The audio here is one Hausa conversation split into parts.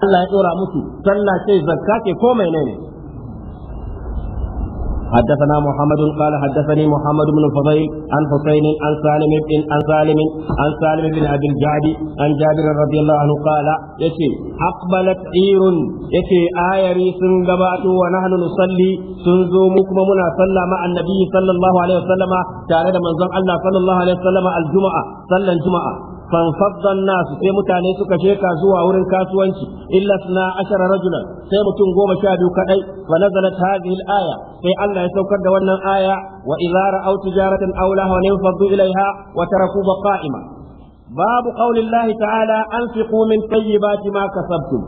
Allah ya dora musu sallah ce zakka ce ko menene حدثنا محمد قال حدثني محمد بن فضيل عن حسين عن سالم بن عن سالم عن سالم بن ابي الجعد عن جابر رضي الله عنه قال يتي اقبلت عير يتي ايري سن غبات ونحن نصلي سنزو مكما منا صلى مع النبي صلى الله عليه وسلم تعالى من الله صلى الله عليه وسلم الجمعه صلى الجمعه fanfaddan nasu sai mutane suka sheka zuwa wurin kasuwanci illa suna ashara rajulan sai mutum goma sha biyu kaɗai. fa nazalat hadhihi al-aya sai Allah ya saukar da wannan aya wa idza ra'aw tijaratan aw lahwan faddu ilaiha wa Babu qa'ima باب قول الله تعالى أنفقوا من طيبات ما كسبتم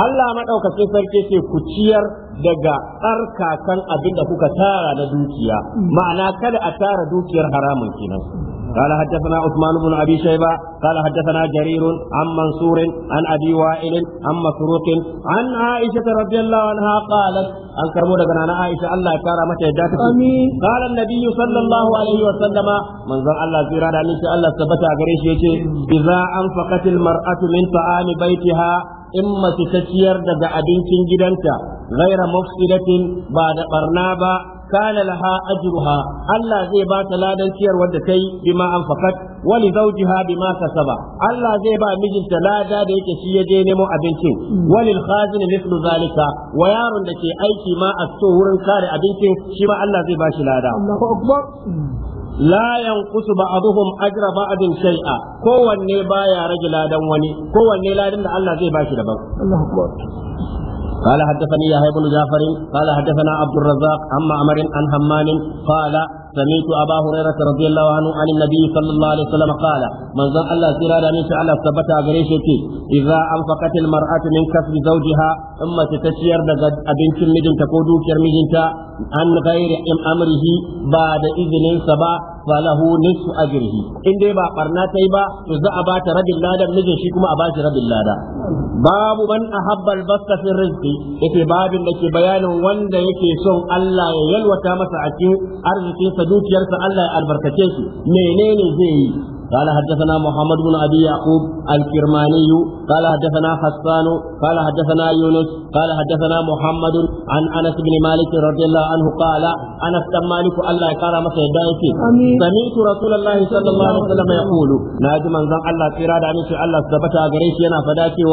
Allah maɗaukacin sarki ce ku ciyar daga tsarkakan abin da kuka tara na dukiya ma'ana kada a tara dukiyar haramun kenan قال حدثنا عثمان بن أبي شيبة قال حدثنا جرير عن منصور عن أبي وائل عن مسروق عن عائشة رضي الله عنها قالت أن كرمونا بنانا عائشة الله كرمت يداك قال النبي صلى الله عليه وسلم من ذا الله زيران أن شاء الله ثبت أغريش إذا أنفقت المرأة من طعام بيتها in mace ta ciyar daga abincin gidanta ghaira mufsidatin ba da barna ba kana laha ajruha Allah zai ba ta ladanciyar wanda da kai bima anfaqat wa li zawjiha bima kasaba Allah zai ba mijinta lada da yake shi ya je nemo abincin wa lil khazin mithlu zalika wa yaron da ke aiki ma a so wurin kare abincin shi ma Allah zai ba shi lada Allahu akbar لا ينقص بعضهم اجر بعض شيئا kowanne baya rage ladan wani kowanne ladan da Allah zai bashi daban قال حدثني يحيى بن جعفر قال حدثنا عبد الرزاق عن معمر عن همام قال سمعت أبا هريرة رضي الله عنه عن النبي صلى الله عليه وسلم قال من ظن الله سيرا لم يشعل ثبت أغريشتي إذا أنفقت المرأة من كسب زوجها ثم تتشير أبن تلمد تقودو كرمجنتا عن غير أمره بعد إذن سبا falahu nisfu ajrihi in dai ba ɓarna ta yi ba to za a bata rabin lada mijin shi kuma a bashi rabin lada babu man ahabba albasta fi rizqi da ke bayanin wanda yake son Allah ya yalwata masa a cikin arzikin dukiyarsa Allah ya albarkace su. menene zai yi قال حدثنا محمد بن ابي يعقوب الكرماني قال حدثنا حسان قال حدثنا يونس قال حدثنا محمد عن انس بن مالك رضي الله عنه قال انس بن مالك الله قال ما سيدايتي سمعت رسول الله صلى الله عليه وسلم يقول ناجي من الله كيرا دعني الله ثبت غريش ينا فداكي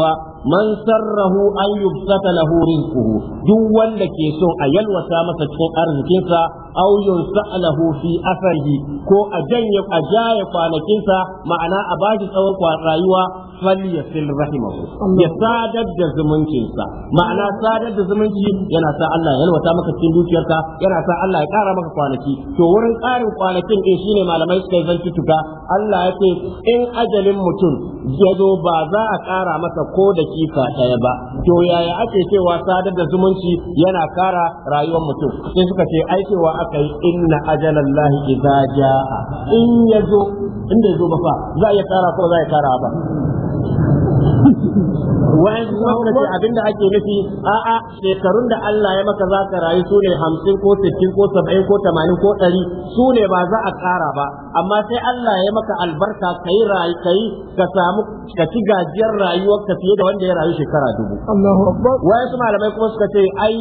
man sarrahu an yubsata lahu rizquhu duk wanda ke so a yalwata masa cikin arzikinsa aw yunsa'alahu fi asarihi ko a janye a jaye kwanakinsa ma'ana a bashi tsawon rayuwa falyasil rahimahu ya sadar da zumuncinsa ma'ana sadar da zumunci yana sa Allah ya yalwata maka cikin dukiyarka yana sa Allah ya kara maka kwanaki to wurin karin kwanakin din shine malamai suka yi zantutuka Allah ya ce in ajalin mutum ya zo ba za a kara masa ko da wasiƙa ɗaya ba to yaya ake cewa sadar da zumunci yana kara rayuwar mutum sai suka ce ai cewa aka yi inna ajalallahi idza jaa in yazo inda yazo ba fa za ya kara ko za ya kara ba Wayan su kuma ce abinda ake nufi a'a shekarun da Allah ya maka za ka rayu sune ne hamsin ko sittin ko saba'in ko tamanin ko ɗari sune ba za a ƙara ba amma sai Allah ya maka albarka ka yi rayu ka yi ka samu ka ci gajiyar rayuwar ka fiye da wanda ya rayu shekara dubu. Allahu su malamai kuma suka ce ai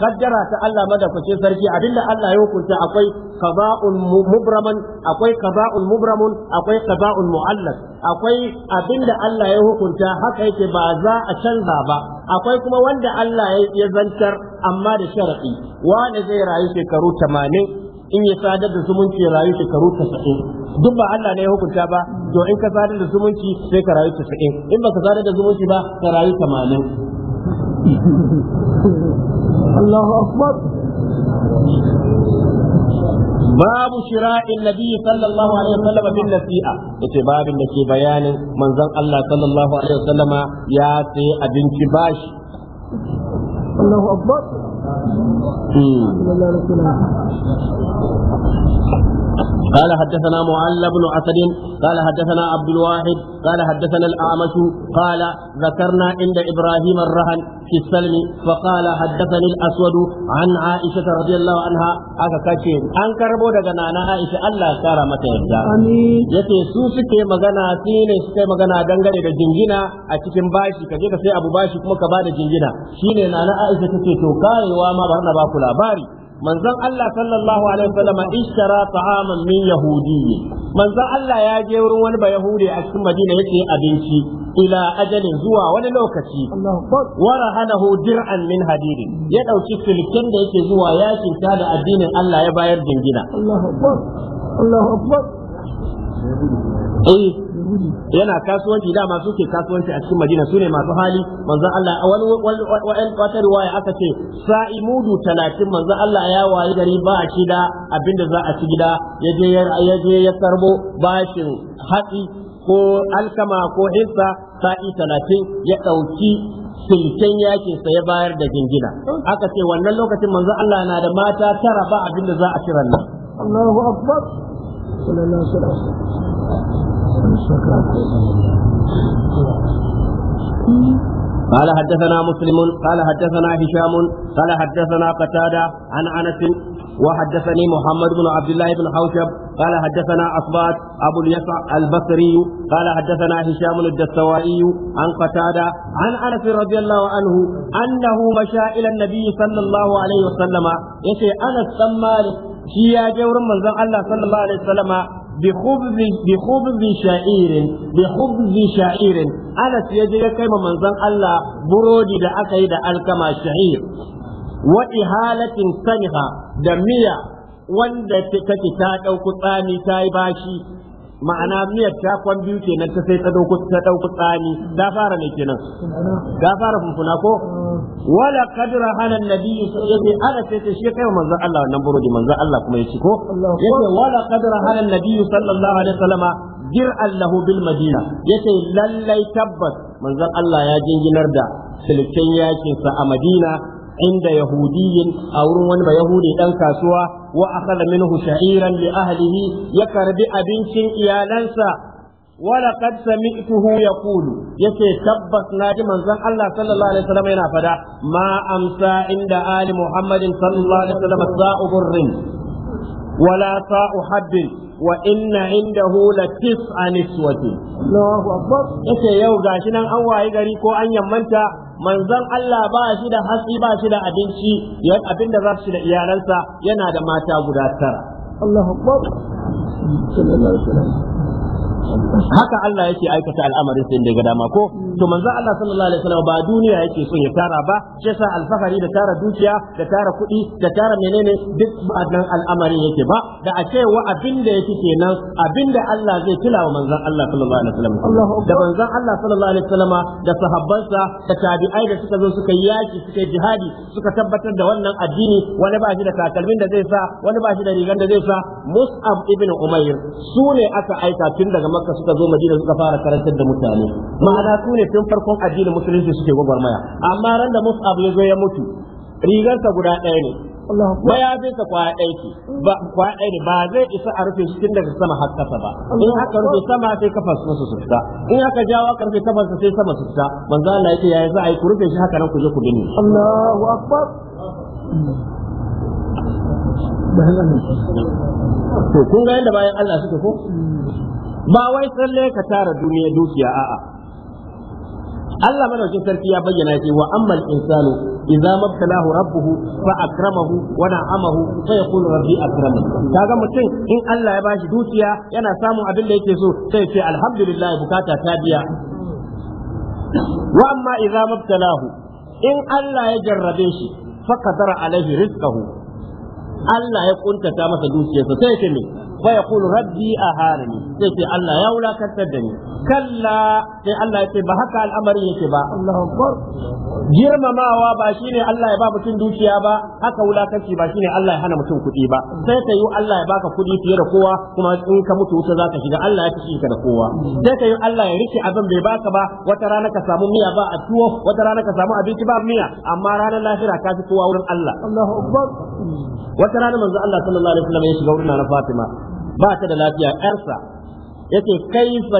kaddara ta Allah madafacin sarki abinda Allah ya hukunta akwai qada'un mubraman akwai qada'un mubramun akwai qada'un mu'allaq akwai abinda Allah ya hukunta haka yake ba za a canza ba akwai kuma wanda Allah ya zantar amma da sharadi wanda zai rayu shekaru 80 in ya sadar da zumunci ya rayu shekaru 90 duk ba Allah ne ya hukunta ba to in ka sadar da zumunci sai ka rayu 90 in ba ka sadar da zumunci ba ka rayu 80 Allahu akbar babu shira'in nabi sallallahu alaihi wasallam bin nasi'a yace babin da ke bayanin manzon Allah sallallahu alaihi wasallama ya sai abinci bashi Hmm. قال حدثنا معل بن اسد قال حدثنا عبد الواحد قال حدثنا الاعمش قال ذكرنا عند ابراهيم الرهن في السلم فقال حدثني الاسود عن عائشه رضي الله عنها aka kace an karbo daga nana Aisha Allah ya kara mata yarda amin yace su suke magana shine suke magana dangane da jingina a cikin bashi kaje ka sai abu bashi kuma ka bada jingina shine nana Aisha tace to karewa ma bari na ba ku labari manzon Allah sallallahu alaihi wasallam ishara ta'aman min manzon Allah ya je wurin wani ba yahudi a cikin Madina yake abinci ila ajalin zuwa wani lokaci wara hanahu dir'an min hadidi ya dauki silken da yake zuwa ya shinta da addinin Allah ya bayar dingina Allahu akbar Allahu akbar eh, yana kasuwanci masu ke kasuwanci a cikin Madina sune masu hali manzan Allah wani wata riwaya aka ce sa'i mudu talatin, manzan Allah ya wayi gari ba shi da abinda za a ci gida ya je ya sarbo bashin hatsi ko alkama ko insa, sa'i talatin, ya ɗauki silken yakin sa ya bayar da gingina aka ce wannan lokacin manzo Allah na da mata tara ba abinda za a ci ranar قال حدثنا مسلم قال حدثنا هشام قال حدثنا قتادة عن أنس وحدثني محمد بن عبد الله بن حوشب قال حدثنا أصبات أبو اليسع البصري قال حدثنا هشام الدستوائي عن قتادة عن أنس رضي الله عنه أنه مشى إلى النبي صلى الله عليه وسلم يسي أنس ثم shi ya je wurin manzon Allah sallallahu alaihi wasallama بخبز بخبز شعير بخبز شعير أنس يجي كما منزل الله برودي دا أكيد الكما شعير وإهالة سنها دمية wanda take ta ɗauki tsami ta yi bashi ma'ana miyar ta kwan biyu kenan ta sai ta dauku tsani ta fara ne kenan ta fara funfuna ko wala kadra hanan nabiyyi yace ana sai ta shi kai manzon Allah wannan burodi manzon Allah kuma yace ko yace wala kadra hanan nabiyyi sallallahu alaihi wasallama jir allahu bil madina yace lallai tabbas manzon Allah ya jinginar da silken yakin sa a Madina inda yahudiyin a wurin wani ba yahudi dan kasuwa wa akhadha minhu sha'iran li ahlihi ya karbi abincin iyalansa ولقد سمعته يقول يكي تبس ناجي من زن الله صلى الله عليه وسلم هنا فدا ما أمسى عند آل محمد صلى الله عليه وسلم ساء بر ولا ساء حب وإن عنده لتسع نسوة الله أكبر يكي يوغا شنان أواهي غريكو أن يمنت manzon Allah ba shi da hatsi ba shi da abinci yawan abin da za shi da iyalansa yana da mata guda tara Allahu akbar haka Allah yake aikata al'amarin sai daga dama ko to manzo Allah sallallahu alaihi wasallam ba duniya yake son ya tara ba shi yasa alfahari da tara dukiya da tara kuɗi da tara menene duk ba nan al'amarin yake ba da a ce wa abin da yake kenan abin da Allah zai wa manzon Allah sallallahu alaihi wasallam da manzon Allah sallallahu alaihi wasallam da sahabbansa da tabi'ai da suka zo suka yaki suka jihadi suka tabbatar da wannan addini wani ba shi da takalmin da zai sa wani ba shi da rigan da zai sa Mus'ab ibn Umair su ne aka aika tun daga makka suka zo madina suka fara karantar da mutane ma'ana su ne tun farkon addinin musulunci suke gwagwarmaya amma ran da mus'ab ya zo ya mutu rigarsa guda ɗaya ne mayafinsa kwaya ɗaya ce kwaya ɗaya ne ba zai isa a rufe shi daga sama har ƙasa ba in haka rufe sama sai kafa su su fita in haka jawo aka rufe kafarsa sai sama su fita manzo Allah ya ce yayi za a yi ku rufe shi haka nan ku je ku binne Allahu akbar to kun ga yadda bayan Allah suke ko hmm. ba wai tsalle ka tara duniya dukiya a'a Allah madaukin sarki ya bayyana ce wa ammal insanu idza mabtalahu rabbuhu fa akramahu wa na'amahu fa yaqul rabbi akraman kaga mutum in Allah ya bashi dukiya yana samun abin da yake so sai ce alhamdulillah bukata ta biya wa amma idza mabtalahu in Allah ya jarrabe shi fa qadara alaihi rizqahu Allah ya kuntata masa dukiyarsa sai ce me wa yaqul rabbi aharani sai ce Allah ya wulakantar da ni kalla sai Allah ya ce ba haka al'amari yake ba girmamawa ba shine Allah ya ba mutum dukiya ba haka wulakanci ba shine Allah ya hana mutum kuɗi ba sai ka yi Allah ya baka kuɗi fiye da kowa kuma in ka mutu wuta zaka shiga Allah ya kashe da kowa sai ka yi Allah ya rike abin bai baka ba wata rana ka samu miya ba a tuwo wata rana ka samu abinci ba miya amma ranar lahira ka fi kowa wurin Allah wata rana manzo Allah sallallahu alaihi na Fatima ba ta da lafiya yarsa yace kaifa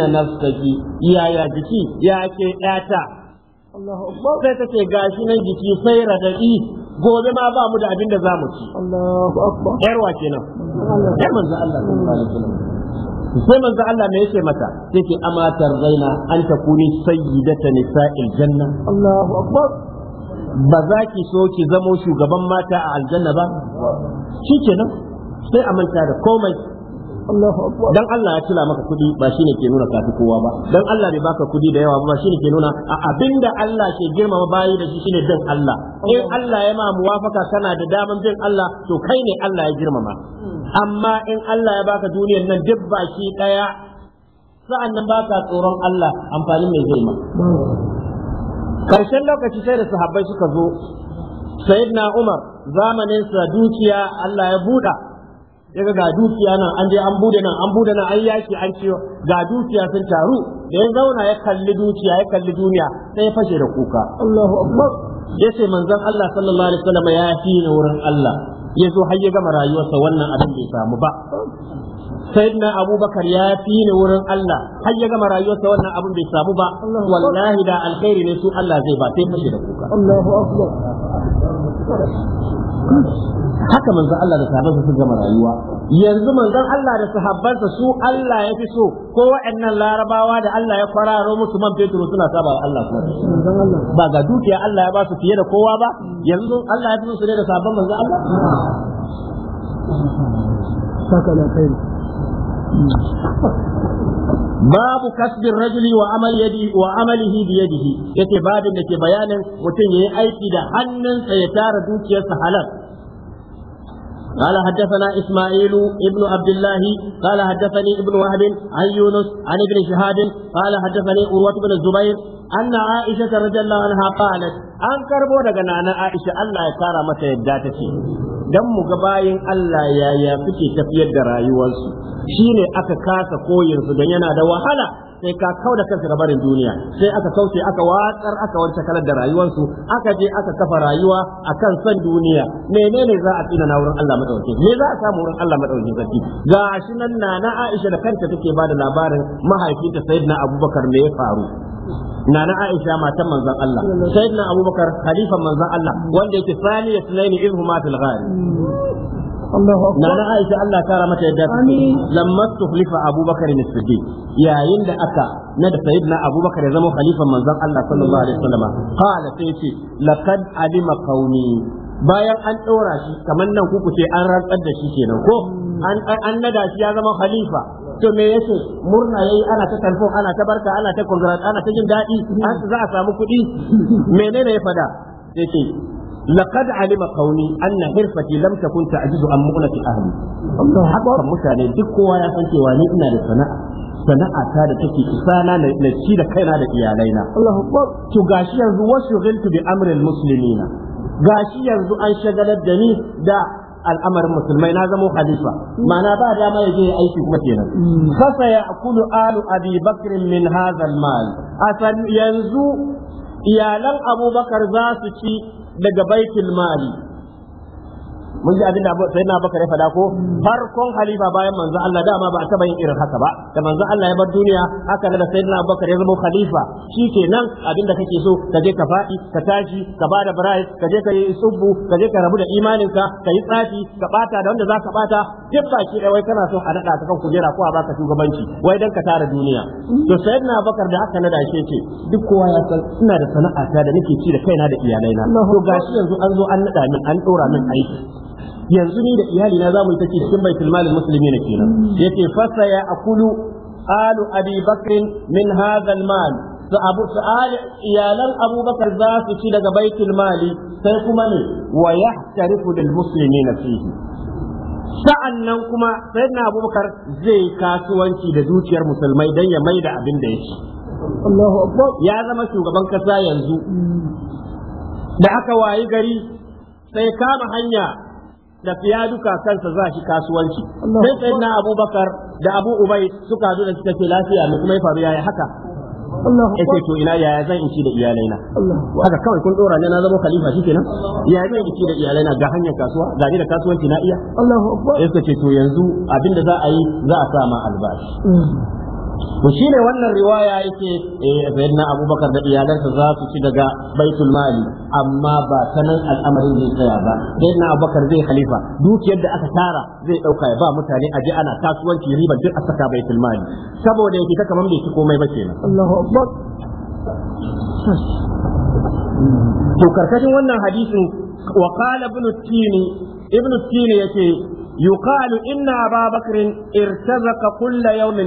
na nafsaki yaya jiki ya ke yata sai ta ce gashi nan jiki sai radadi gobe ma ba mu da abin da za mu ci Allahu ke nan. sai manzo Allah mata sai manzo Allah me yake mata yake amatar zaina an takuni sayyidata nisa'il janna Allahu akbar ba za ki so ki zamo shugaban mata a aljanna ba shikenan sai a manta da komai dan Allah ya cila maka kudi ba shine ke nuna kafi kowa ba dan Allah bai baka kudi da yawa ba shine ke nuna a abinda Allah ke girmama bayi da shi shine dan Allah in Allah ya ma muwafaka kana da daman bin Allah to kai ne Allah ya girmama hmm. amma in Allah ya baka duniyar nan duk baki daya sa'an nan baka tsoron Allah amfani mai zai ma hmm. karshen lokaci sai da sahabbai suka zo sayyidina Umar zamanin sa dukiya Allah ya buɗa yaga ga dukiya nan an je an bude nan an bude nan an yaki an ciwo ga dukiya sun taru da ya zauna ya kalli dukiya ya kalli duniya sai ya fashe da kuka Allahu akbar yace manzon Allah sallallahu alaihi wasallam ya fi na wurin Allah ya zo har ya gama rayuwarsa wannan abin bai samu ba sayyidina abubakar ya fi ni wurin Allah har ya gama rayuwarsa wannan abin bai samu ba wallahi da alkhairi ne su Allah zai ba sai fashe da kuka Allahu akbar haka manzon Allah da sahabbansa sun gama rayuwa yanzu manzon Allah da sahabbansa su Allah ya fi so ko waɗannan larabawa da Allah ya kwararo musu man fetur suna saba wa Allah kuma ba ga dukiya Allah ya ba su fiye da kowa ba yanzu Allah ya fi so su ne da sahabban manzon Allah saka kai babu kasbin rajuli wa amal yadi wa amalihi bi yadihi yace babin da ke bayanin mutum yayi aiki da hannunsa ya tara dukiyarsa halal قال حدثنا إسماعيل ابن عبد الله قال حدثني ابن وهب عن يونس عن ابن شهاب قال حدثني أروة بن الزبير أن عائشة رضي الله عنها قالت أنكر بودك أنا عائشة الله يكرمك يداتك dan mu ga bayin Allah ya suke tafiyar da rayuwarsu shine aka kasa koyin su dan yana da wahala sai ka kau da kanka barin duniya sai aka kauce aka watsar aka wanta kalar da rayuwarsu aka je aka kafa rayuwa akan san duniya menene za a tsina na wurin Allah madauke me za a samu wurin Allah madauke zaki ga shi nan na na Aisha da kanta take bada labarin mahaifinta Sayyidina Abubakar me ya faru nana Aisha matan manzon Allah sayyidina Abubakar Khalifa manzon Allah wanda yake saniya sunaini idhuma fil ghar nana Aisha Allah kara mata yadda lamma tuhlifa Abubakar as-Siddiq yayin da aka na da sayyidina Abubakar ya zama Khalifa manzon Allah sallallahu alaihi wasallam qala sai ce laqad alima qaumi bayan an ɗora shi kamar nan kuku ce an rantsar da shi kenan ko an nada shi ya zama khalifa to me yake murna yi ana ta telefon ana ta barka ana ta congrat ana ta jin daɗi an za a samu kuɗi menene ya fada yake laqad alima qawli anna hirfati lam takun ta'jizu an mu'lati ahli duk kowa ya san cewa ni ina da sana'a sana'a ta da take isana na ci da kaina da iyalaina Allahu to gashi yanzu wasu ghiltu bi amril muslimina gashi yanzu an shagalar da ni da al'amarin musulmai na zamo khalifa ma'ana ba dama ya je aiki kuma kenan mm. fa Kulu, alu abi bakr min Hazal, mal asan yanzu iyalan abubakar za su ci daga baitul mali mun ji abin da sai na ya fada ko farkon Khalifa bayan manzo Allah dama ba a taba yin irin haka ba da manzo Allah ya bar duniya haka da na Abubakar ya zama khalifa shikenan abin da kake so ka je ka fadi ka tashi, ka bada barai ka je ka yi subbu ka je ka rabu da imanin ka ka yi tsafi ka bata da wanda zaka bata duk baki da wai kana so a nada ka kan kujera ko a baka shugabanci wai dan ka tara duniya to na Abubakar da haka na da shi ce duk kowa ya san ina da sana'ata da nake ci da kaina da iyalaina to gashi yanzu an zo an nada min an dora min aiki yanzu ni da iyali na zamu take cikin baitul muslimi ne kenan mm. yace fasa ya akulu alu abi bakr min hadha al mal sa abu iyalan abubakar za su ci daga baitul mali sai kuma ne wa yahtarifu lil muslimina fihi sa'an kuma sai na abubakar zai kasuwanci da zuciyar musulmai dan ya mai da abin da ya ci. Ya zama shugaban kasa yanzu. Mm. Da aka wayi gari sai kama hanya da fiya duka kansa za shi kasuwanci sai sai na abubakar da abu ubai suka zo da suka ce lafiya mu kuma ya faru yaya haka ya to ina yaya zan in ci da iyalaina? na haka kawai kun dora ne na zama khalifa shi kenan yaya zan in ci da iyalaina ga hanyar kasuwa ga ni da kasuwanci na iya Allahu akbar ya ce to yanzu abinda za a yi za a sa ma albashi mm. to wannan riwaya yake eh sayyidina abubakar da iyalansa za su ci daga baitul mali amma ba sanan al'amarin zai tsaya ba sayyidina abubakar zai khalifa dukiyar da aka tara zai dauka ya ba mutane aje ana kasuwanci riba duk a saka baitul mali saboda yake ka kaman bai ci komai ba kenan Allahu akbar to karkashin wannan hadisin wa qala ibn tini ibn tini yake يقال إن أبا بكر ارتزق كل يوم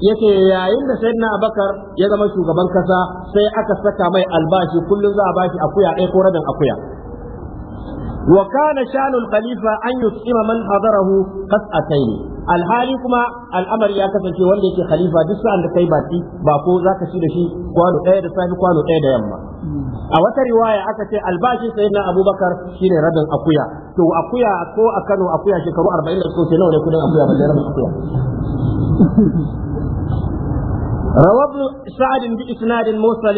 yace yayin da sayyidina abakar ya zama shugaban kasa sai aka saka mai albashi kullum za a bashi akuya ɗaya ko rabin akuya wa kana shanul khalifa an yutsima man hadarahu qas'atayn alhali kuma al'amari ya kasance wanda yake khalifa duk sa'an da kai baki ba ko zaka ci da shi kwano ɗaya da safi kwano ɗaya da yamma a wata riwaya aka ce albashin na abubakar shine rabin akuya to akuya ko a Kano akuya shekaru 40 da suka nawa ne kudin akuya da rabin akuya روى ابن سعد بإسناد مرسل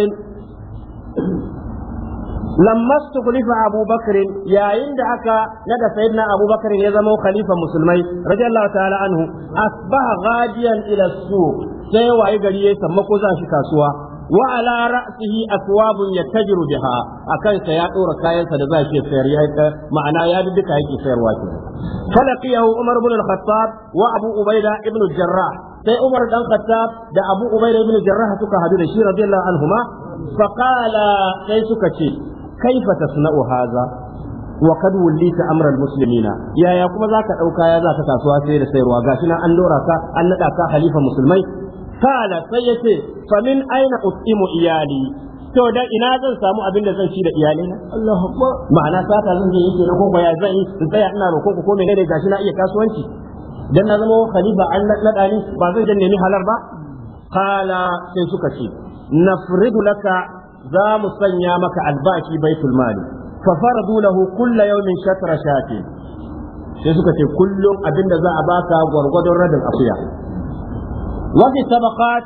lamma su khalifa Abu Bakr yayin da aka nada sayyidina Abu Bakr ya zama khalifa musulmai radiyallahu ta'ala anhu asbaha ghadiyan ila suq sai waye gari ya sammako za shi kasuwa wa ala ra'sihi aswabun yattajiru biha akan sa ya dora kayansa da zai sayar ya ma'ana ya bi yake sayarwa ke falaqiyahu Umar ibn al-Khattab wa Abu Ubaida ibn al-Jarrah sai Umar dan Khattab da Abu Ubaida ibn al-Jarrah suka hadu da shi radiyallahu anhuma faqala sai suka ce kaifa tasna'u haza wa kad wallita amral muslimina yaya kuma zaka dauka ya zaka kasuwa sai da sayarwa gashi nan an dora ka an nada ka halifa musulmai kala sai yace fa min aina utimu iyali to dan ina zan samu abin da zan ci da iyali na Allahu akbar ma'ana sata zan je yake na ko ya zan yi in tsaya ina roƙon ku ko menene gashi na iya kasuwanci dan na zama khalifa an nada ni ba zan je nemi halar ba kala sai suka ce nafridu laka za mu sanya maka albashi baitul mali fa faradu lahu kullu yawmin shatra shati sai suka ce kullum abinda za a baka gwargwadon radin akuya wa fi sabaqat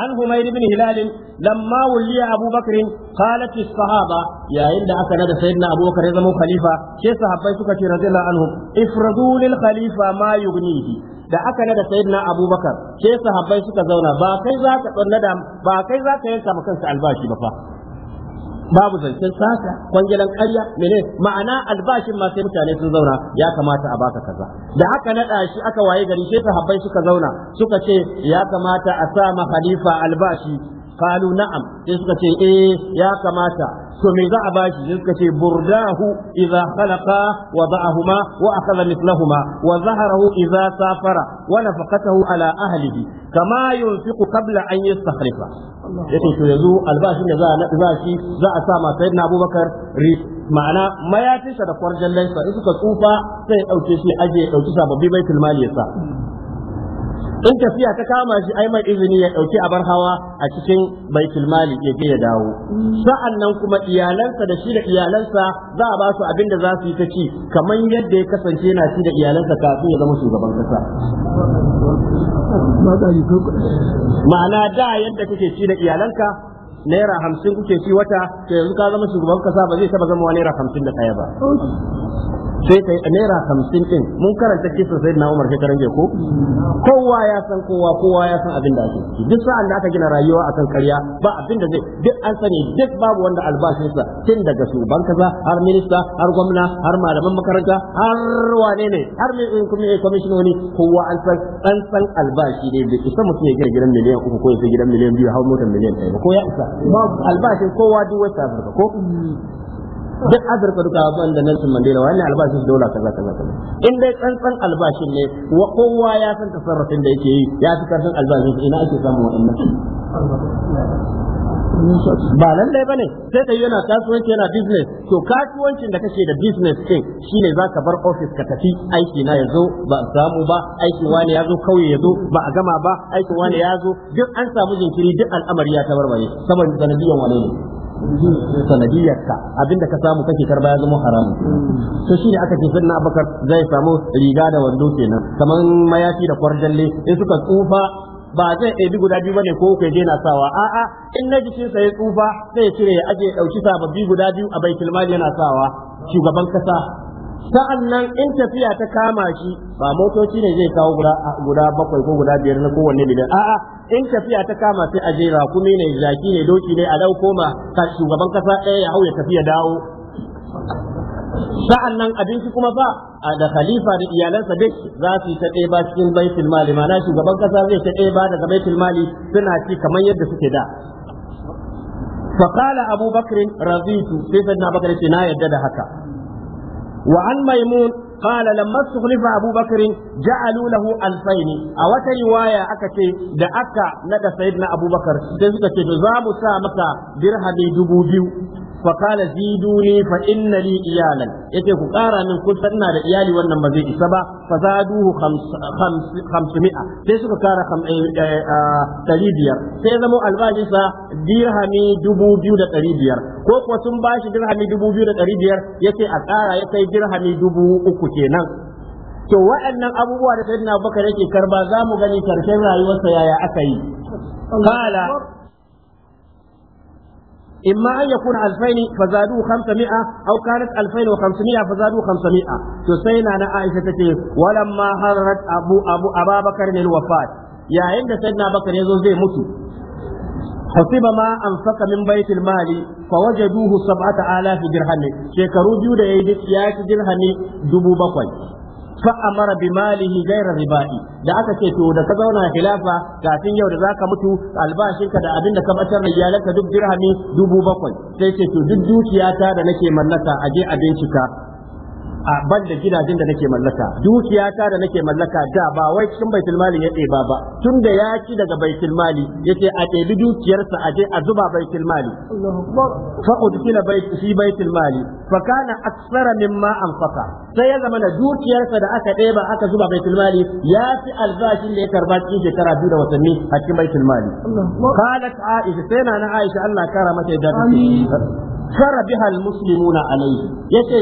عن حمير بن هلال لما ولي أبو بكر قالت الصحابة يا إن أكن سيدنا أبو بكر إذا خليفة شيء صحابي سكتي رضي الله عنهم افرضوا للخليفة ما يغنيه da aka nada sayyidina abubakar sai sahabbai suka zauna ba kai za ka tsannada ba kai za ka yanka kanka albashi ba fa babu zancen sata kwangilan ƙarya mene ma'ana albashin ma sai mutane sun zauna ya kamata a baka kaza da haka naɗa shi aka waye gari sai sahabbai suka zauna suka ce ya kamata a sa ma khalifa albashi kalu na'am sai suka ce eh ya kamata to me za a bashi sai suka ce burdahu idza khalaqa wa da'ahuma wa akhadha mithlahuma wa zaharahu idza safara wa nafaqatahu ala ahlihi kama yunfiqu qabla an yastakhlifa yace to yanzu albashin da za a za za a sa ma sayyidina Abubakar ma'ana mayatinsa da kwarjallansa in suka tsufa sai ya dauke shi aje ya dauki sababbi baitul mali ya sa in tafiya ta kama shi ai mai izini ya dauki abar hawa a cikin baitul mali ya je ya dawo sa'an nan kuma iyalansa da shi da iyalansa za a ba su abin da za su yi ta ci kamar yadda ya kasance yana shi da iyalansa kafin ya zama shugaban kasa ma'ana da yadda kake ci da iyalanka naira hamsin kuke ci wata to yanzu ka zama shugaban kasa ba zai taba zama wa naira hamsin da kaya ba sai ta yi a naira hamsin ɗin mun karanta kisa sai na umar shekaran jiya ko kowa ya san kowa kowa ya san abin da ake duk sa'an da aka gina rayuwa akan karya ba abin da zai duk an sani duk babu wanda albashinsa tun daga shugaban kaza har minista har gwamna har malaman makaranta har wane ne har mai eh, eh, kwamishinoni kowa an san an san albashi ne bai isa mutum ya gina gidan miliyan uku ko ya gidan miliyan biyu har mota miliyan ɗaya ko ya isa albashi kowa duk wata ko duk azurka duka ban da Nelson Mandela wani albashin dola kaza kaza kaza in dai tsantsan albashin ne wa kowa ya san tasarrufin da yake yi ya fi karfin albashin ina ake samun wa'annan ba nan lallai bane sai kai yana kasuwanci yana business to kasuwancin da kake da business din shine zaka bar office ka tafi aiki na yazo ba samu ba aiki wani yazo kauye yazo ba a gama ba aiki wani yazo duk an samu jinkiri duk al'amari ya bane saboda sanadiyan wani ne sanadiyarka abinda ka samu kake karba ya zama haramun to shi ne aka ce sunna abakar zai samu riga da wando kenan kaman mayafi da kwarjalle in suka tsufa ba zai ɗabi guda biyu bane ko ku je na sawa a'a in na ji sa ya tsufa zai cire ya aje dauki sababbi guda biyu a baitul mali yana sawa shugaban kasa sa'an nan in tafiya ta kama shi ba motoci ne zai kawo guda bakwai ko guda biyar na kowanne bidan a'a in tafiya ta kama sai a jera kuma ne zaki ne doki ne a dau koma shugaban kasa ɗaya ya hau ya tafi ya dawo sa'an nan abinci kuma ba a da khalifa da iyalansa duk za su yi ta ɗaya ba cikin baitul mali ma na shugaban kasa zai ta ɗaya ba daga baitul mali suna ci kamar yadda suke da fa qala abu bakr radiyatu sai sanna bakr ce na yadda da haka wa an maimun kala lamma sukhlifa abu bakr ja'alu lahu alfayn a wata riwaya aka ce da aka nada sayyidina abu bakr sai suka ce to za mu sa maka dirhami dubu biyu fa qala ziduni fa inna li iyalan yace ku ƙara min kun sanna da iyali wannan ba zai isa ba fa zaduhu 500 sai suka ƙara 500 sai zama albashinsa dirhami 2500 ko kuwa sun bashi dirhami 2500 yace a ƙara ya kai dirhami 3000 kenan to waɗannan abubuwa da sayyidina Abubakar yake karba za mu gani karshen rayuwarsa yaya aka yi إما أن يكون ألفين فزادوا خمسمائة أو كانت ألفين وخمسمائة فزادوا خمسمائة تسينا أنا عائشة ولما حضرت أبو, أبو أبا بكر الوفاة يا عند سيدنا بكر يزوز زي متو حسب ما أنفق من بيت المال فوجدوه سبعة آلاف درهم شكروا جودة يدك ياك درهم دبو بقوي fa amara bi malihi ghayra riba'i da aka ce to da ka zauna khilafa kafin yau da zaka mutu albashinka da abin da ka batar da iyalanka duk dirhami dubu bakwai sai ce to duk dukiyata da nake mallaka a je a bincika a ban da gidajen da nake mallaka dukiyata da nake mallaka da ba wai cikin baitul mali ya ɗeba ba tun da ya ci daga baitul mali yace a ɗebi dukiyarsa a je a zuba baitul mali fa udkila bait fi baitul mali fa kana aksara mimma anfaqa sai ya zama da dukiyarsa da aka ɗeba aka zuba baitul mali ya fi albashin da ya karba cikin shekara biyu da watanni a cikin baitul mali qalat aisha sai na na aisha Allah kara mata da fara biha almuslimuna alayhi yace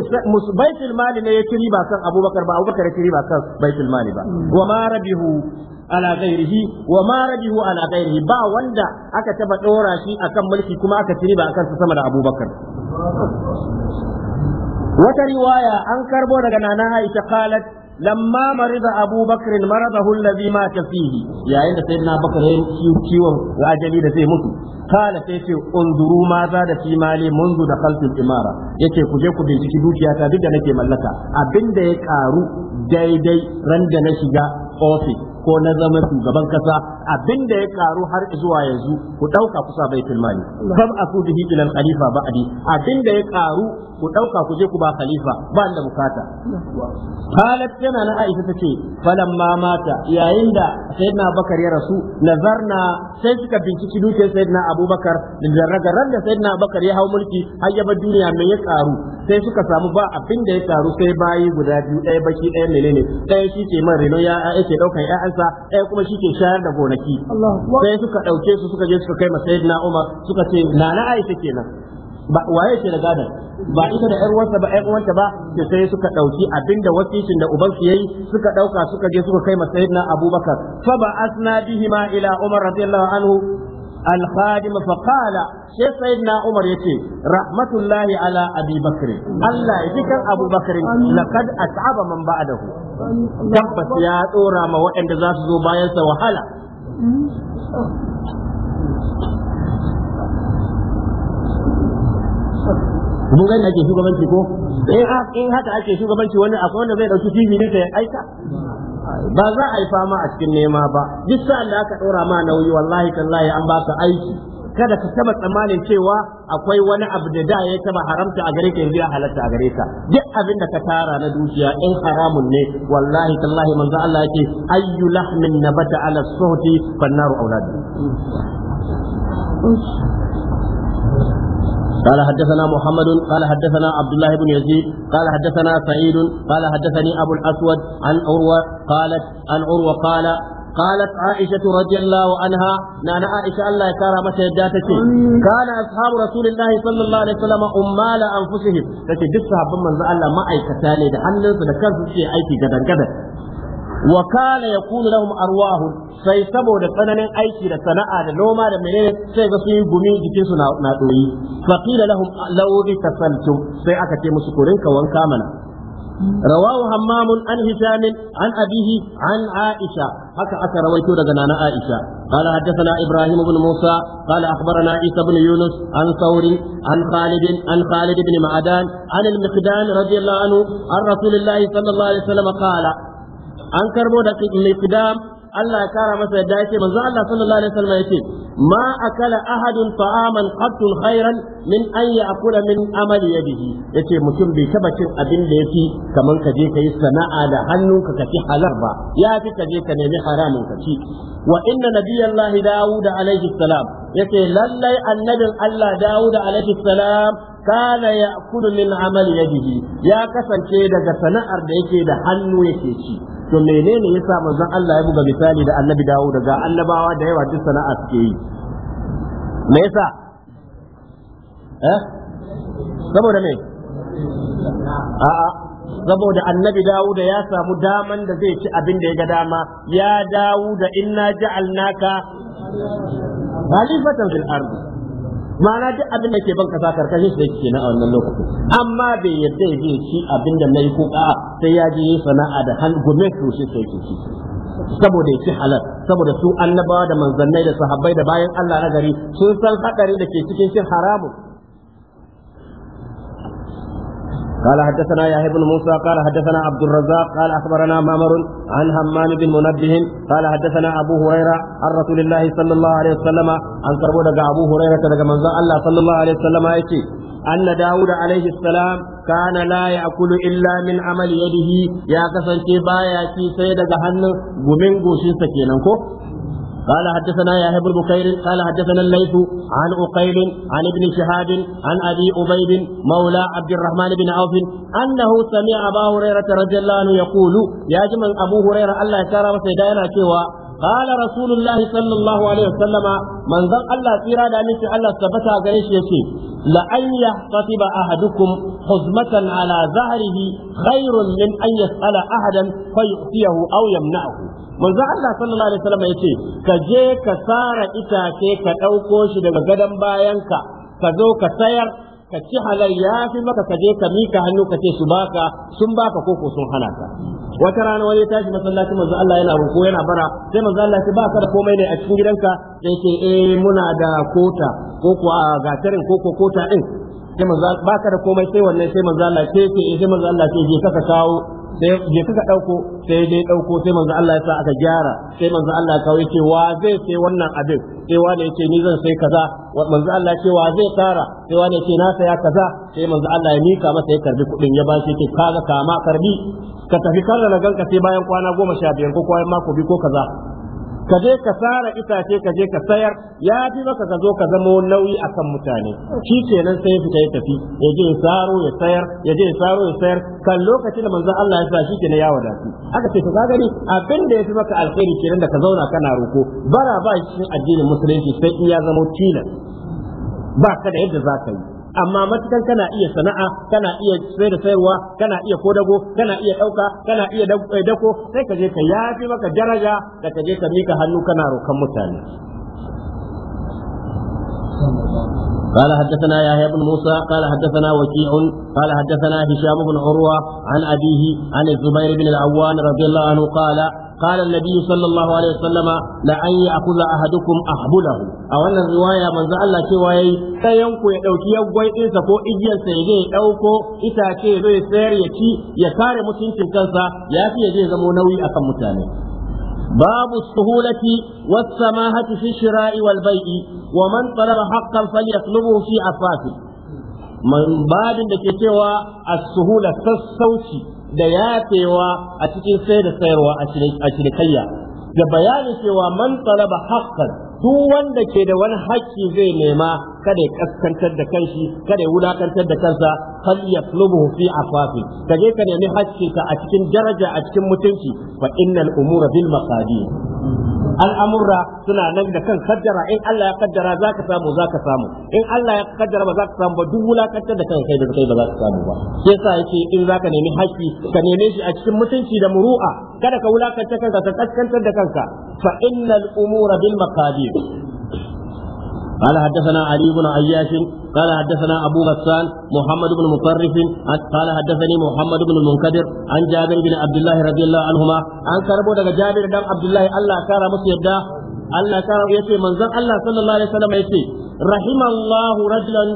baitul mali ne ya riba kan abubakar ba abubakar ya riba kan baitul mali ba hmm. wa ma rabihu ala ghairihi wa ma rabihu ala ghairihi ba wanda aka taba dora shi akan mulki kuma aka ci riba akan sama da abubakar wata riwaya an karbo daga nana aisha qalat lamma marida abu bakrin maradahu allazi mata fihi yayin da sayyidina bakar ya yi ciwon rajali da zai mutu kala sai ce unzuru maza da fi mali munzu da khalqil imara yace ku je ku binciki dukiyata duk da nake mallaka Abin da ya ƙaru daidai ran da na shiga ofis. ko na zama shugaban kasa abinda ya karu har zuwa yanzu ku dauka kusa bai filmani kam asu bihi ila al khalifa ba'di abinda ya karu ku dauka ku je ku ba khalifa ba da bukata halat yana na Aisha tace falamma mata yayin da sayyidina Bakar ya rasu nazarna sai suka binciki dukiyar sayyidina Abubakar da ran da sayyidina Bakar ya hau mulki har ya bar duniya mai ya karu sai suka samu ba abinda ya karu sai bayi guda biyu ɗaya baki ɗaya ne ɗaya shi ce man reno ya ake daukan ya'an ƴaƴansa ɗaya kuma shi ke shayar da gonaki sai suka ɗauke su suka je suka kai ma sayyidina Umar suka ce nana Aisha kenan ba waye ce da gadan ba ita da ƴar ba ƴar uwanta ba sai suka ɗauki abinda wasicin da uban yayi suka ɗauka suka je suka kai ma sayyidina Abubakar fa ba asna bihima ila Umar radiyallahu anhu الخادم فقال شيخ سيدنا عمر يتي رحمة الله على أبي بكر الله يذكر أبو بكر لقد أتعب من بعده تبت يا أورا ما وعند ذات زبايا وهلا mun gani ake shugabanci ko in haka ake shugabanci wani akwai wanda zai dauki TV ne ta aika ba za a yi fama a cikin nema ba duk sa'an da aka ɗora ma nauyi wallahi tallahi an baka aiki kada ka taba tsammanin cewa akwai wani abu da da ya taba haramta a gare ka yanzu ya halatta a gare ka duk abin da ka tara na dukiya in haramun ne wallahi tallahi manzo Allah yake ayyu lahmin nabata ala sawti fannaru auladi mm. قال حدثنا محمد قال حدثنا عبد الله بن يزيد قال حدثنا سعيد قال حدثني أبو الأسود عن عروة قالت عن عروة قال قالت عائشة رضي الله عنها نانا عائشة الله يكارى متى يداتك كان أصحاب رسول الله صلى الله عليه وسلم أمال أنفسهم لكن دي صحابة من الله ما أي كتالي ده حنن سدكان سوشي أي في جدا جدا wa kana yakunu lahum arwahun sai saboda tsananin aiki da sana'a da noma da menene sai ga sun yi gumi jikin su na doyi faqila lahum law tasaltum sai aka ce musu kurin ka wanka mana رواه همام عن هشام عن أبيه عن عائشة حكى أكا رويت دغنا عائشة قال حدثنا إبراهيم بن موسى قال أخبرنا عيسى بن يونس عن ثور عن خالد عن خالد بن معدان عن المقدان رضي الله عنه عن رسول الله صلى الله عليه وسلم قال an karbo da miqdam Allah ya kara masa yadda yake manzo Allah sallallahu alaihi wasallam yake ma akala ahadun ta'aman qattun khairan min an ya'kula min amali yadihi yace mutum bai taba cin abin da yafi kaman ka je ka yi sana'a da hannunka ka ci halar ba ya fi ka je ka nemi haramin ka ci wa inna nabiyallahi dawud alaihi salam yace lallai annabin Allah dawud alaihi salam kana ya kudu min amal yadihi ya kasance daga sana'ar da yake da hannu yake ci to menene yasa manzon Allah ya buga misali da annabi Dawud daga annabawa da yawa duk sana'a suke yi me yasa eh saboda me a'a saboda annabi Dawuda ya samu daman da zai ci abin da ya ga dama ya Dawud inna ja'alnaka khalifatan fil ardh ma'ana duk abin da ke ban kasa karkashin shi ke na a wannan lokaci amma bai yadda ya je ci abin da mai kuka sai ya je sana'a da hannu gwamnati su shi sai ke ci saboda ya ci halal saboda su annabawa da manzannai da sahabbai da bayan Allah na gari sun san hadari da ke cikin cin haramun قال حدثنا يحيى بن موسى قال حدثنا عبد الرزاق قال اخبرنا معمر عن همام بن منبه قال حدثنا ابو هريره عن رسول الله صلى الله عليه وسلم عن كربو دغ ابو هريره دغ منزل الله صلى الله عليه وسلم يتي أن داود عليه السلام كان لا يأكل إلا من عمل يده يا كسن بايا كي سيدة جهنم ومن قوسين سكينا قال حدثنا يحيى بن بكير قال حدثنا الليث عن أقيل عن ابن شهاب عن أبي أبيد مولى عبد الرحمن بن عوف أنه سمع أبا هريرة رضي الله عنه يقول يا جمع أبو هريرة الله يكرم سيدنا كوا قال رسول الله صلى الله عليه وسلم من ذا الله تيرا دا من الله ثبتا غريش يشي لأن يحتطب أحدكم حزمة على ظهره خير من أن يسأل أحدا فيؤتيه أو يمنعه manzo Allah sallallahu alaihi wasallam yace ka je ka sara itace ka ɗauko shi daga gadon bayanka ka zo ka sayar ka ci halal ya fi maka ka je ka mika hannu ka ce su baka sun baka koko sun hana ka wata rana wani ya tashi masallaci manzo Allah yana ruku yana bara sai manzo Allah ya ba ka da komai ne a cikin gidanka sai ce eh muna da kota koko a gatarin koko, kota din sai manzo ba ka da komai sai wannan sai manzo Allah sai ce eh, sai manzo Allah sai je ka kawo sai je kaga dauko sai dai dauko sai manzo Allah ya sa aka gyara sai manzo Allah ya kawo wa zai sai wannan abin sai wani yace ni zan sai kaza manzo Allah ya wa zai tsara sai wani yace na saya kaza sai manzo Allah ya mika masa ya karbi kudin ya bashi yace kaga kama karbi ka tafi karra na ganka sai bayan kwana goma sha biyar ko kwayan mako bi ko kaza ka je ka sare itace ka je ka sayar ya fi maka ka zo ka zama nauyi akan mutane shi kenan sai fita ya tafi ya je saro ya sayar ya je saro ya sayar kan lokacin da manzon Allah ya sa shi kenan ya wadatu aka ce ka gani abin da ya fi maka alheri kenan da ka zauna kana roko bara ba shi addinin musulunci sai in ya zamo tilas ba ka da yadda za ka yi amma matukan kana iya sana'a kana iya sai da sayarwa kana iya kodago kana iya ɗauka, kana iya eh, dako sai ka je ka yafi maka daraja da ka je ka mika hannu kana rokan mutane قال حدثنا يحيى بن موسى قال حدثنا وكيع قال حدثنا هشام بن عروة عن أبيه عن الزبير بن العوان رضي الله عنه قال قال النبي صلى الله عليه وسلم لأن يأخذ أحدكم أحبله أو أن الرواية من زعل كواي سينكو يأوكي يوغوي إنسا كو إجيا سيجي أوكو إتا كي ذي سير يكي يكاري متنشن كنسا يأتي يجي زمونوي أكم متاني باب السهولة والسماحة في الشراء والبيع ومن طلب حقا فليطلبه في أفاته من بعد ذلك السهولة السوشي da yafewa a cikin sai da sayarwa a cinikayya da bayani cewa man talaba haqqan duk wanda ke da wani haƙƙi zai nema kada ya kaskantar da kanshi kada ya wulakantar da kansa fal yatlubuhu fi afafi kaje ka nemi ka a cikin daraja a cikin mutunci fa innal umura bil maqadir al'amurra suna nan da kan kaddara in Allah ya kaddara za ka samu za ka samu in Allah ya kaddara ba za ka samu ba duk wulakantar da kan kai da kai ba za ka samu ba shi yasa yake in za ka nemi haƙƙi ka neme shi a cikin mutunci da muru'a kada ka wulakanta kanka ka kaskantar da kanka fa innal umura bil maqadir قال حدثنا علي بن عياش قال حدثنا أبو غسان محمد بن مطرف قال حدثني محمد بن المنكدر عن جابر بن عبد الله رضي الله عنهما عن كربو جابر بن عبد الله الله كان مسيدا Allah ta ya ce manzon Allah sallallahu alaihi wasallam ya ce rahimallahu rajulan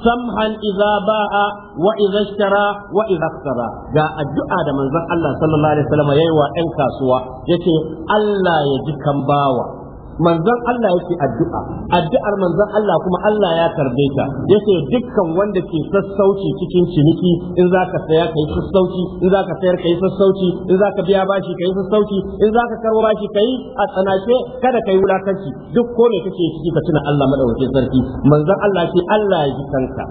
samhan idza ba'a wa idza ishtara wa idza iqtara ga addu'a da manzon Allah sallallahu alaihi wa ɗan kasuwa yace Allah ya ji kan manzon Allah yake addu'a addu'ar manzon Allah kuma Allah ya tarbe ta yace dukkan wanda ke sassauci cikin ciniki in zaka saya kai sassauci in zaka sayar kai sassauci in zaka biya bashi kai sassauci in zaka karbo bashi kai a tsanace kada kai wulakanci duk ko me kake ciki ka tuna Allah madaukakin sarki manzon Allah ce Allah ya ji kanka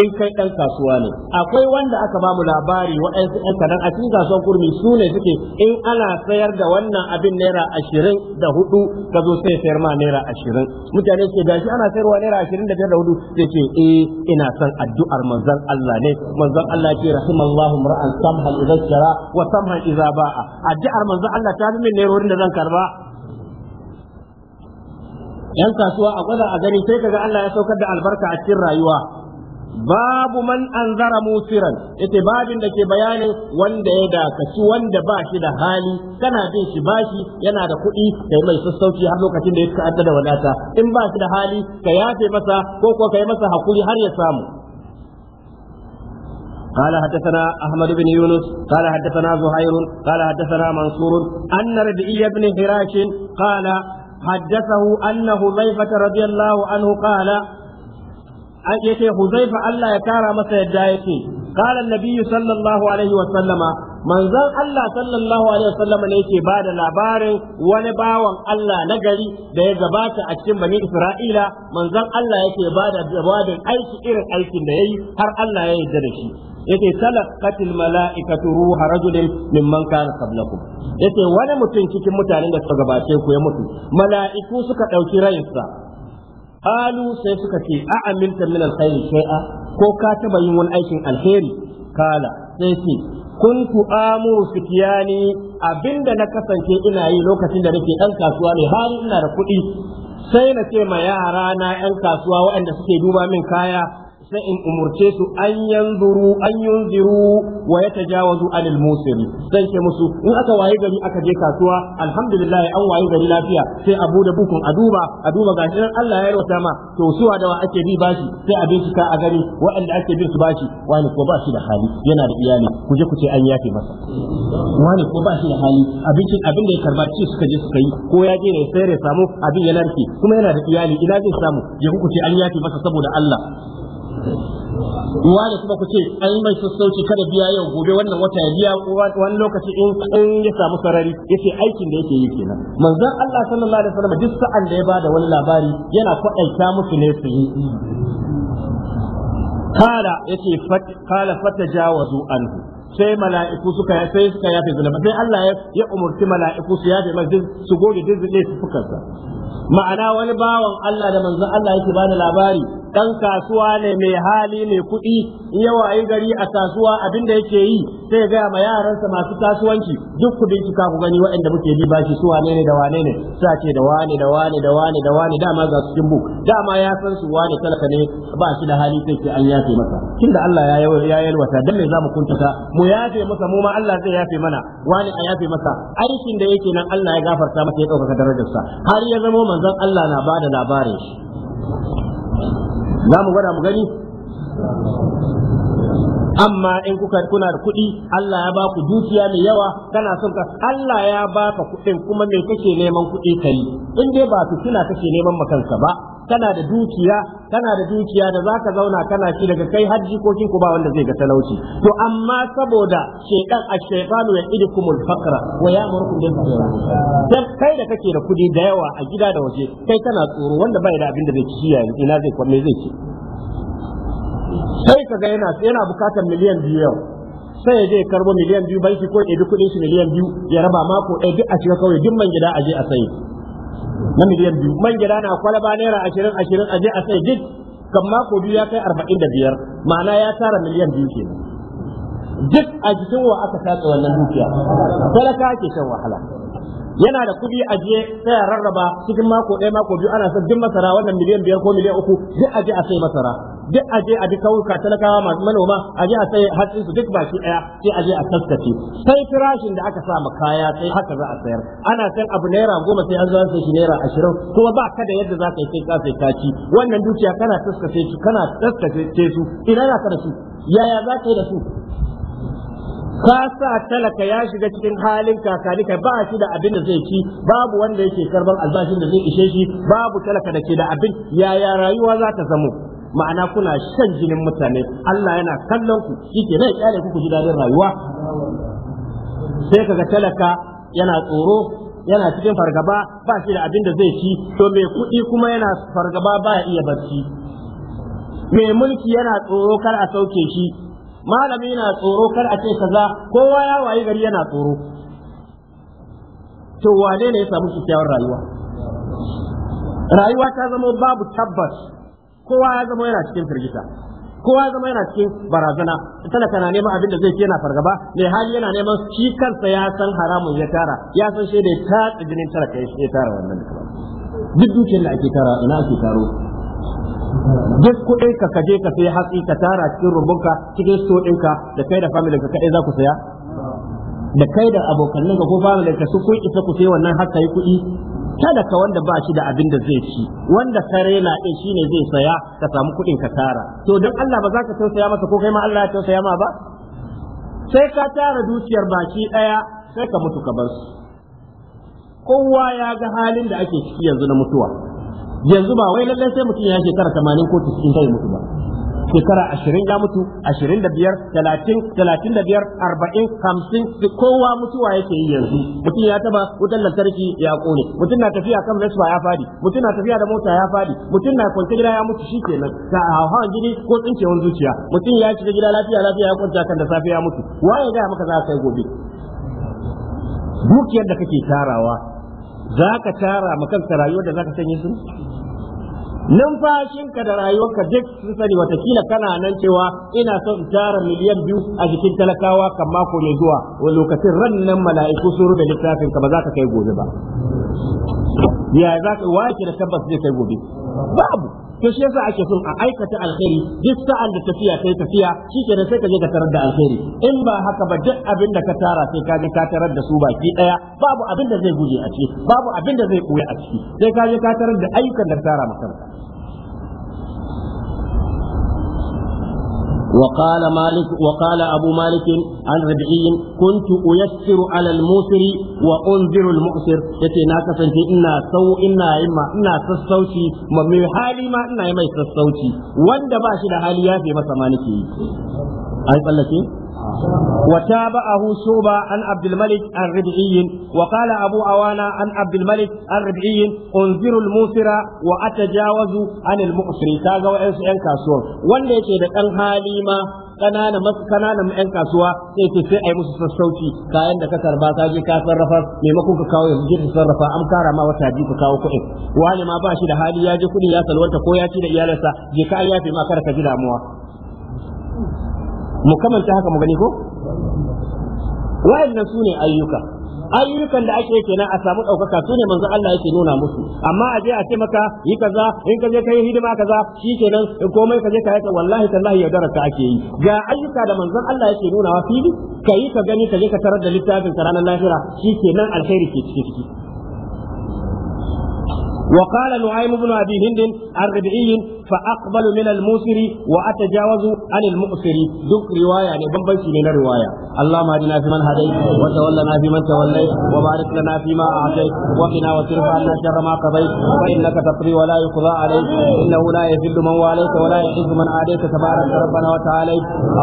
in kai ɗan kasuwa ne akwai wanda aka ba mu labari waɗansu ɗan kadan a cikin kasuwar kurmi su ne suke in ana sayar da wannan abin naira ashirin da hudu ka zo sai sayar ma naira ashirin mutane suke gashi ana sayarwa naira ashirin da biyar da hudu sai ce eh ina son addu'ar manzon Allah ne manzon Allah ce rahimallahu mar'an samhan idan shara wa samhan idza ba'a addu'ar manzon Allah ta fi min nairorin da zan karba yan kasuwa a gwada a gani sai kaga Allah ya saukar da albarka a cikin rayuwa babu man anzara musiran yace babin da ke bayanin wanda ya dakaci wanda ba shi da hali kana bin shi bashi yana da kuɗi kai mai sassauci har lokacin da ya ta'adda da wadata in ba shi da hali ka yafe masa ko ko kai masa hakuri har ya samu قال حدثنا احمد بن يونس قال حدثنا زهير قال حدثنا منصور ان ربيع بن هراش قال حدثه ان حذيفه رضي الله عنه قال yace Huzaifa Allah ya tara masa yadda yake qala annabi sallallahu alaihi wa sallama manzon Allah sallallahu alaihi wa sallama ne yake bada labarin wani bawan Allah na gari da ya gabata a cikin bani Isra'ila manzon Allah yake bada jawabin aiki irin aikin da yayi har Allah ya yarda da shi yace talaqatil mala'ikatu ruha rajulin mimman kana qablakum yace wani mutum cikin mutanen da suka gabace ku ya mutu mala'iku suka ɗauki rayinsa qalu sai suka ce a amilta min alkhairi shay'a ko ka taba yin wani aikin alheri kala sai ce kuntu amuru fitiyani abinda na kasance ina yi lokacin da nake ɗan kasuwa ne har ina da kuɗi sai na ce ma yara na yan kasuwa waɗanda suke duba min kaya sai in umurce su an yanzuru an yunziru wa tajawazu Alil musiri sai ce musu in aka waye gari aka je kasuwa alhamdulillah an waye gari lafiya sai abu da bukun a duba a duba gashi nan Allah ya yarwata ma to suwa da wa ake bi bashi sai a ka a gari waɗanda ake bi su bashi wani ko bashi da hali yana da iyali ku je ku ce an yafe masa wani ko bashi da hali abincin abin da ya karba ci suka je suka yi ko ya je ne sai ya samu abin ya narke kuma yana da iyali ina zai samu je ku ce an yafe masa saboda Allah da kuma ku ce ai mai sassauci kada biya yau gobe wannan wata ya biya wani lokaci in in ya samu sarari yace aikin da yake yi kenan manzon Allah sallallahu alaihi wasallam duk sa'an da ya bada wani labari yana kwadaita musu ne su yi kala yace kala fatajawazu anhu sai mala'iku suka sai suka yafe zulma sai Allah ya umurci mala'iku su yafe masjid su goge dizzi ne su fukarsa ma'ana wani bawan Allah da manzon Allah yake bani labari dan kasuwa ne mai hali mai kuɗi yawa ai gari a kasuwa abin da yake yi sai ya gaya ma yaransa masu kasuwanci duk ku bincika ku gani waɗanda muke bi shi, su wane ne da wane ne sa ce da wane da wane da wane da wane dama ga su cikin buk dama ya san su wane talaka ne ba shi da hali sai ce an yafe masa Kin da Allah ya ya yalwata dan me zamu kuntata mu yafe masa mu ma Allah zai yafe mana wani a yafe masa aikin da yake nan Allah ya gafarta masa ya ɗaukaka darajarsa har ya zama manzon Allah na bada labarin shi za mu gwada mu gani amma in kuka kuna da kuɗi Allah ya baku dukiya mai yawa kana son ka Allah ya baka kuɗin kuma me kake neman kuɗi kai in dai ba su kina kake neman makanka ba kana da dukiya kana da dukiya da zaka zauna kana shi daga kai hajji ko kin ba wanda zai ga talauci to amma saboda shaytan ash-shaytanu ya'idukumul faqra wa ya'murukum bil fahsha kai da kake da kudi da yawa a gida da waje kai kana tsoro wanda bai da abin da zai ci yayin ina zai kwalle zai ci sai kaga yana yana bukatar miliyan biyu yau sai ya je karbo miliyan biyu banki ko ya bi kudin shi miliyan biyu ya raba mako ɗaya duk a shiga kawai duk man gida a je a sayi na miliyan biyu man gida na kwalaba naira ashirin ashirin aje a sai duk kan mako biyu ya kai arba'in da biyar ma'ana ya tara miliyan biyu kenan duk a jikin wa aka tatsa wannan dukiya talaka ke shan wahala yana da kuɗi ajiye sai rarraba cikin mako ɗaya mako biyu ana son duk masara wannan miliyan biyar ko miliyan uku duk aje a sai masara duk aje a bi kauyuka talakawa masu manoma aje a sai hatsin su duk baki daya sai aje a taskace sai firashin da aka sa kaya sai haka za a sayar ana san abu naira goma sai an zo sai shi naira ashirin kuma ba ka da yadda za ka yi sai ka sai kaci. wannan dukiya kana taskace su kana taskace su ina za ka da su yaya za ka yi da su ka sa talaka ya shiga cikin halin kakanika ba shi da abin da zai ci babu wanda yake karban albashin da zai ishe shi babu talaka da ke da abin yaya rayuwa za ta zamo ma'ana kuna shan jinin mutane Allah yana kallon ku yake zai kyale ku ku ji dadin rayuwa sai kaga talaka yana tsoro yana cikin fargaba ba shi da abin da zai ci to mai kuɗi kuma yana fargaba ba ya iya barci mai mulki yana tsoro kar a sauke shi malami yana tsoro kar a ce kaza kowa ya wayi gari yana tsoro to wane ne ya samu kyakkyawar rayuwa rayuwa ta zama babu tabbas kowa ya zama yana cikin firgita kowa ya zama yana cikin barazana tana na neman abin da zai ce na fargaba mai hali yana neman shi kansa ya san haramun ya tara ya san shi da ta tara ka ya tara wannan duk dukiyar da ake tara ina ake taro duk kuɗin ka kaje ka sai hatsi ka tara cikin rubunka cikin sto ɗinka da kai da familin ka kaɗai za ku saya da kai da abokanin ka ko familin ka su kun isa ku sai wannan haka yi kuɗi ka wanda ba shi da abin da zai ci wanda kare na din shine zai saya ka samu kuɗin ka tara to don Allah ba za ka tausaya masa ko kai ma Allah ya tausaya ma ba sai ka tara dukiyar baki ɗaya sai ka mutu ka bar su kowa ya ga halin da ake ciki yanzu na mutuwa yanzu ba wai lallai sai mutum ya shekara 80 ko 90 kai mutu ba shekara ashirin ya mutu ashirin da biyar talatin talatin da biyar arba'in hamsin kowa mutuwa yake yi yanzu mutum ya taba wutar lantarki ya ƙone mutum na tafiya kan vespa ya fadi mutum na tafiya da mota ya fadi mutum na kwance gida ya mutu shi kenan ta hawan gini ko tsinkewan zuciya mutum ya shiga gida lafiya lafiya ya kwanta kan da safe ya mutu waye gaya maka za ka kai gobe dukiyar da kake tarawa za ka tara ma kanka rayuwar da za ka sanya su numfashinka da rayuwarka duk sun sani watakila kana nan cewa ina son tara miliyan biyu a jikin talakawa kan mako mai zuwa wa lokacin rannan mala'iku sun rufe littafin ka ba za ka kai gobe ba ya za ka wace da tabbas zai kai gobe babu to shi yasa ake son a aikata alkhairi duk sa'an da tafiya kai tafiya da sai ka je ka tarar da alkhairi in ba haka ba duk abin da ka tara sai ka je ka tarar da su baki daya babu abin da zai guje a ciki babu abin da zai koya a ciki sai ka je ka tarar da ayyukan da tara maka وقال مالك وقال أبو مالك عن ربعي كنت أيسر على الموسر وأنذر المؤسر يتي ناكسا إنا سو إنا إما إنا سسوتي ومن حالي ما إنا إما سسوتي وان دباشي لحالي يافي مسا مالكي أي وتابعه a عن عبد الملك الربعي وقال أبو أوانا عن عبد الملك الربعي أنذر الموسرة وأتجاوز عن المؤسر كذا وإنس إنكا سور ولا كان الحالي ما masu kananan yan kasuwa sai ce sai yi musu sassauci kayan da ka karba ka je ka sarrafa maimakon ka kawo yanzu ka sarrafa an kara ma wata ji ka kawo kuɗin wani ma ba shi da hali ya je kuɗi ya salwanta ko ya ci da iyalinsa, je ka yafe ma kar ka ji damuwa mu kamanta haka mu gani ko wa'annan sune ayyuka ayyukan da ake kenan a samu ɗaukaka su ne manzon Allah yake nuna musu amma a je a ce maka yi kaza in ka je ka yi hidima kaza shi kenan komai ka je ka wallahi tallahi ya ka ake yi ga ayyuka da manzon Allah yake nuna wa fili ka yi ka gani ka je ka tarar da littafin ranar lahira shi kenan alheri ke ciki ciki وقال نعيم بن ابي هند الربعي فأقبل من الموسر وأتجاوز عن المؤسر دك رواية يعني بمبنشي من الرواية اللهم اهدنا فيمن هديت وتولنا فيمن توليت وبارك لنا فيما أعطيت وقنا واصرف عنا شر ما قضيت فإنك تقضي ولا يقضى عليك إنه لا يذل من واليت ولا يعز من عاديت تبارك ربنا وتعالى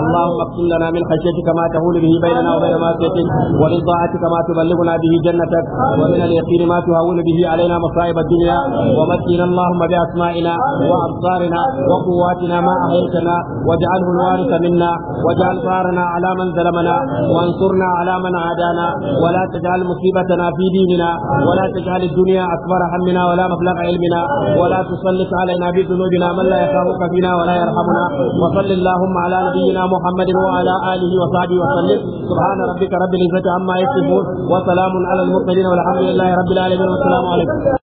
اللهم اقسم لنا من خشيتك ما تهول به بيننا وبين معصيتك ومن طاعتك ما تبلغنا به جنتك ومن اليقين ما تهون به علينا مصائب الدنيا ومكن اللهم بأسمائنا وأبصارنا أبصارنا وقواتنا ما أحييتنا واجعله الوارث منا واجعل ثارنا على من ظلمنا وانصرنا على من عادانا ولا تجعل مصيبتنا في ديننا ولا تجعل الدنيا أكبر همنا ولا مبلغ علمنا ولا تسلط علينا بذنوبنا من لا يخافك فينا ولا يرحمنا وصل اللهم على نبينا محمد وعلى آله وصحبه وسلم سبحان ربك رب العزة عما يصفون وسلام على المرسلين والحمد لله رب العالمين والسلام عليكم